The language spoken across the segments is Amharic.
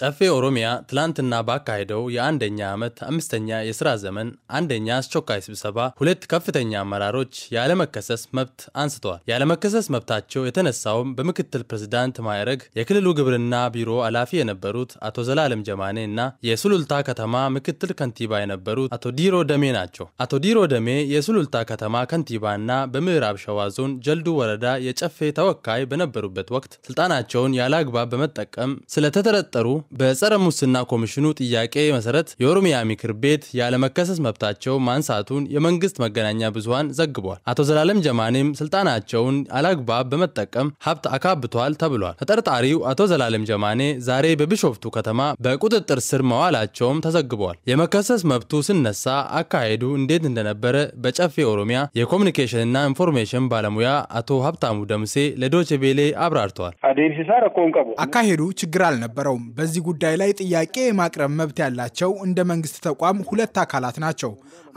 ጨፌ ኦሮሚያ ትላንትና ባካሄደው የአንደኛ ዓመት አምስተኛ የሥራ ዘመን አንደኛ አስቸኳይ ስብሰባ ሁለት ከፍተኛ አመራሮች ያለመከሰስ መብት አንስተዋል። ያለመከሰስ መብታቸው የተነሳውም በምክትል ፕሬዝዳንት ማዕረግ የክልሉ ግብርና ቢሮ ኃላፊ የነበሩት አቶ ዘላለም ጀማኔ እና የሱሉልታ ከተማ ምክትል ከንቲባ የነበሩት አቶ ዲሮ ደሜ ናቸው። አቶ ዲሮ ደሜ የሱሉልታ ከተማ ከንቲባና በምዕራብ ሸዋ ዞን ጀልዱ ወረዳ የጨፌ ተወካይ በነበሩበት ወቅት ስልጣናቸውን ያለ አግባብ በመጠቀም ስለተጠረጠሩ በጸረ ሙስና ኮሚሽኑ ጥያቄ መሰረት የኦሮሚያ ምክር ቤት ያለመከሰስ መብታቸው ማንሳቱን የመንግስት መገናኛ ብዙኃን ዘግቧል። አቶ ዘላለም ጀማኔም ስልጣናቸውን አላግባብ በመጠቀም ሀብት አካብቷል ተብሏል። ተጠርጣሪው አቶ ዘላለም ጀማኔ ዛሬ በቢሾፍቱ ከተማ በቁጥጥር ስር መዋላቸውም ተዘግቧል። የመከሰስ መብቱ ስነሳ አካሄዱ እንዴት እንደነበረ በጨፌ ኦሮሚያ የኮሚኒኬሽንና ኢንፎርሜሽን ባለሙያ አቶ ሀብታሙ ደምሴ ለዶችቤሌ አብራርተዋል። አካሄዱ ችግር አልነበረውም። በዚህ በዚህ ጉዳይ ላይ ጥያቄ የማቅረብ መብት ያላቸው እንደ መንግስት ተቋም ሁለት አካላት ናቸው።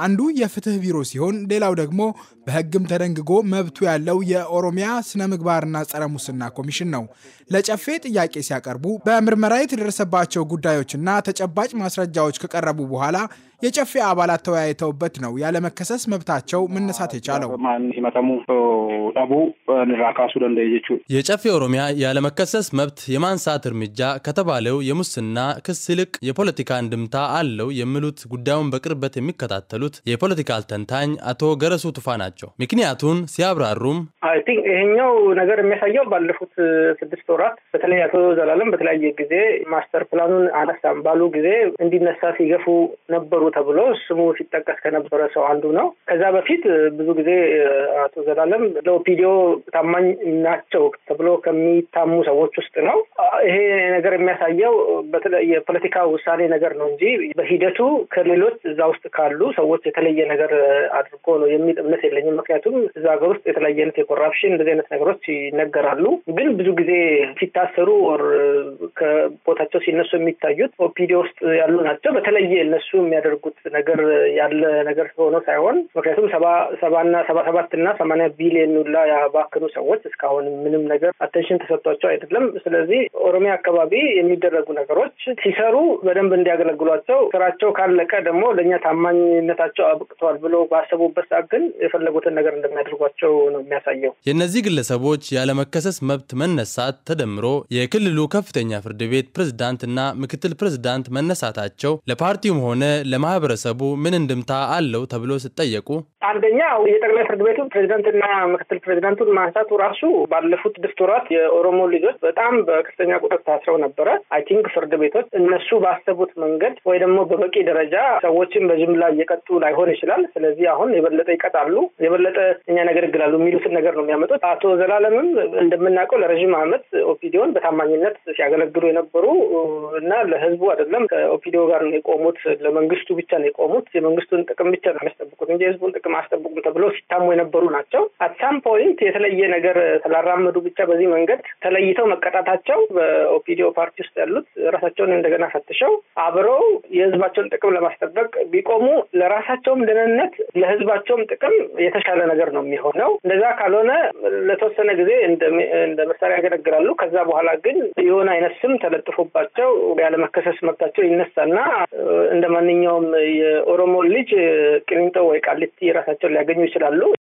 አንዱ የፍትህ ቢሮ ሲሆን ሌላው ደግሞ በህግም ተደንግጎ መብቱ ያለው የኦሮሚያ ስነ ምግባርና ጸረ ሙስና ኮሚሽን ነው። ለጨፌ ጥያቄ ሲያቀርቡ በምርመራ የተደረሰባቸው ጉዳዮችና ተጨባጭ ማስረጃዎች ከቀረቡ በኋላ የጨፌ አባላት ተወያይተውበት ነው ያለመከሰስ መብታቸው መነሳት የቻለው። የጨፌ ኦሮሚያ ያለመከሰስ መብት የማንሳት እርምጃ ከተባለው የሙስና ክስ ይልቅ የፖለቲካ እንድምታ አለው የሚሉት ጉዳዩን በቅርበት የሚከታተሉት የፖለቲካል ተንታኝ አቶ ገረሱ ቱፋ ናቸው። ምክንያቱን ሲያብራሩም ይሄኛው ነገር የሚያሳየው ባለፉት ስድስት ወራት በተለይ አቶ ዘላለም በተለያየ ጊዜ ማስተር ፕላኑን አነሳም ባሉ ጊዜ እንዲነሳ ሲገፉ ነበሩ ተብሎ ስሙ ሲጠቀስ ከነበረ ሰው አንዱ ነው። ከዛ በፊት ብዙ ጊዜ አቶ ዘላለም ለኦፒዲዮ ታማኝ ናቸው ተብሎ ከሚታሙ ሰዎች ውስጥ ነው። ይሄ ነገር የሚያሳየው የፖለቲካ ውሳኔ ነገር ነው እንጂ በሂደቱ ከሌሎች እዛ ውስጥ ካሉ ሰዎች የተለየ ነገር አድርጎ ነው የሚል እምነት የለኝም። ምክንያቱም እዛ ሀገር ውስጥ የተለያየ አይነት የኮራፕሽን እንደዚህ አይነት ነገሮች ይነገራሉ። ግን ብዙ ጊዜ ሲታሰሩ ከቦታቸው ሲነሱ የሚታዩት ኦፒዲዮ ውስጥ ያሉ ናቸው። በተለየ እነሱ የሚያደርጉ ያደረጉት ነገር ያለ ነገር ሆኖ ሳይሆን ምክንያቱም ሰባና ሰባ ሰባት እና ሰማንያ ቢሊዮን ሁላ ያባክኑ ሰዎች እስካሁን ምንም ነገር አቴንሽን ተሰጥቷቸው አይደለም። ስለዚህ ኦሮሚያ አካባቢ የሚደረጉ ነገሮች ሲሰሩ በደንብ እንዲያገለግሏቸው ስራቸው ካለቀ ደግሞ ለእኛ ታማኝነታቸው አብቅተዋል ብሎ ባሰቡበት ሰዓት ግን የፈለጉትን ነገር እንደሚያደርጓቸው ነው የሚያሳየው። የእነዚህ ግለሰቦች ያለመከሰስ መብት መነሳት ተደምሮ የክልሉ ከፍተኛ ፍርድ ቤት ፕሬዝዳንትና ምክትል ፕሬዝዳንት መነሳታቸው ለፓርቲውም ሆነ ለማ ማህበረሰቡ ምን እንድምታ አለው ተብሎ ሲጠየቁ አንደኛ የጠቅላይ ፍርድ ቤቱ ፕሬዚዳንትና ምክትል ፕሬዚዳንቱን ማንሳቱ ራሱ ባለፉት ስድስት ወራት የኦሮሞ ልጆች በጣም በከፍተኛ ቁጥር ታስረው ነበረ። አይ ቲንክ ፍርድ ቤቶች እነሱ ባሰቡት መንገድ ወይ ደግሞ በበቂ ደረጃ ሰዎችን በጅምላ እየቀጡ ላይሆን ይችላል። ስለዚህ አሁን የበለጠ ይቀጣሉ፣ የበለጠ እኛ ነገር ይግላሉ የሚሉትን ነገር ነው የሚያመጡት። አቶ ዘላለምም እንደምናውቀው ለረዥም ዓመት ኦፒዲዮን በታማኝነት ሲያገለግሉ የነበሩ እና ለህዝቡ አይደለም ከኦፒዲዮ ጋር የቆሙት ለመንግስቱ ብቻ ነው የቆሙት። የመንግስቱን ጥቅም ብቻ ነው የሚያስጠብቁት እንጂ የህዝቡን ጥቅም አያስጠብቁም ተብሎ ሲታሙ የነበሩ ናቸው። አትሳም ፖይንት የተለየ ነገር ስላራመዱ ብቻ በዚህ መንገድ ተለይተው መቀጣታቸው በኦፒዲዮ ፓርቲ ውስጥ ያሉት ራሳቸውን እንደገና ፈትሸው አብረው የህዝባቸውን ጥቅም ለማስጠበቅ ቢቆሙ ለራሳቸውም ደህንነት ለህዝባቸውም ጥቅም የተሻለ ነገር ነው የሚሆነው። እንደዛ ካልሆነ ለተወሰነ ጊዜ እንደ መሳሪያ ያገለግላሉ። ከዛ በኋላ ግን የሆነ አይነት ስም ተለጥፎባቸው ያለመከሰስ መብታቸው ይነሳና እንደ ማንኛውም የትኛውም የኦሮሞ ልጅ ቅሊንጦ ወይ ቃሊቲ ራሳቸውን ሊያገኙ ይችላሉ።